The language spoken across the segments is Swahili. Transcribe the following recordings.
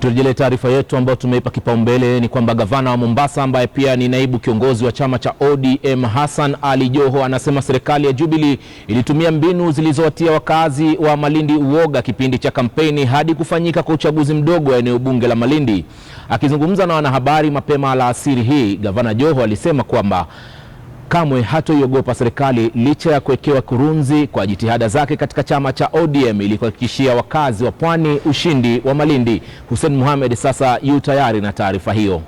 Turejelee taarifa yetu ambayo tumeipa kipaumbele ni kwamba gavana wa Mombasa ambaye pia ni naibu kiongozi wa chama cha ODM Hassan Ali Joho anasema serikali ya Jubilee ilitumia mbinu zilizowatia wakazi wa Malindi uoga kipindi cha kampeni hadi kufanyika kwa uchaguzi mdogo wa eneo bunge la Malindi. Akizungumza na wanahabari mapema alasiri hii, gavana Joho alisema kwamba kamwe hatoiogopa serikali licha ya kuwekewa kurunzi kwa jitihada zake katika chama cha ODM ili kuhakikishia wakazi wa pwani ushindi wa Malindi. Hussein Mohamed sasa yu tayari na taarifa hiyo.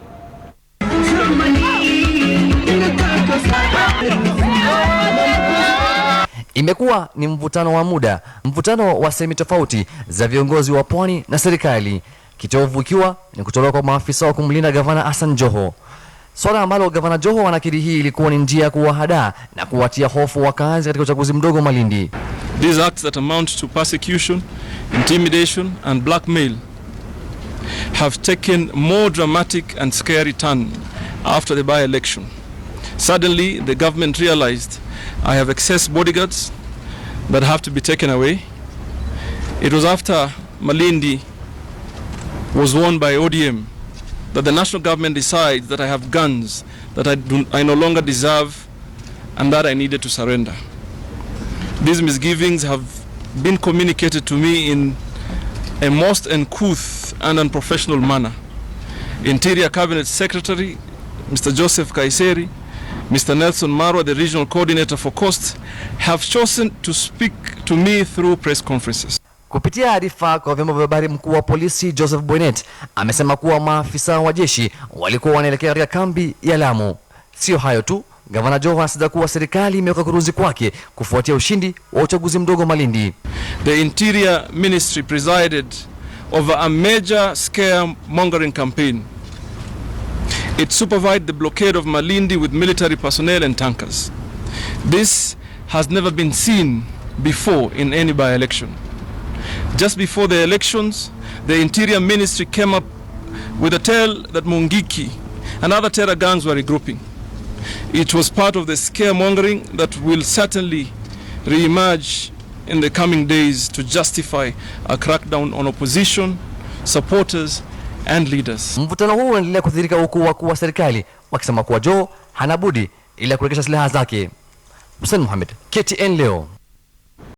Imekuwa ni mvutano wa muda, mvutano wa sehemu tofauti za viongozi wa pwani na serikali, kitovu ikiwa ni kutolewa kwa maafisa wa kumlinda gavana Hassan Joho swala ambalo gavana Joho anakiri hii ilikuwa ni njia ya kuwahadaa na kuwatia hofu wakazi katika uchaguzi mdogo Malindi. These acts that amount to persecution, intimidation and blackmail have taken more dramatic and scary turn after the by-election. Suddenly the government realized I have excess bodyguards that have to be taken away. It was after Malindi was won by ODM that the national government decides that I have guns that I, do, I no longer deserve and that I needed to surrender. These misgivings have been communicated to me in a most uncouth and unprofessional manner. Interior Cabinet Secretary, Mr. Joseph Kaiseri, Mr. Nelson Marwa, the regional coordinator for Coast, have chosen to speak to me through press conferences. Kupitia arifa kwa vyombo vya habari, mkuu wa polisi Joseph Boynet amesema kuwa maafisa wa jeshi walikuwa wanaelekea katika kambi ya Lamu. Sio hayo tu, Gavana Joho anasisitiza kuwa serikali imeweka kurunzi kwake kufuatia ushindi wa uchaguzi mdogo Malindi. The Interior Ministry presided over a major mongering campaign. It supervised the blockade of Malindi with military personnel and tankers. This has never been seen before in any by-election. Just before the elections, the Interior Ministry came up with a tale that Mungiki and other terror gangs were regrouping. It was part of the scaremongering that will certainly reemerge in the coming days to justify a crackdown on opposition, supporters and leaders. Mvutano huu unaendelea kudhirika huku wakuu wa serikali wakisema kuwa Joho hanabudi budi ila kurejesha silaha zake. Hussein Mohamed, KTN leo.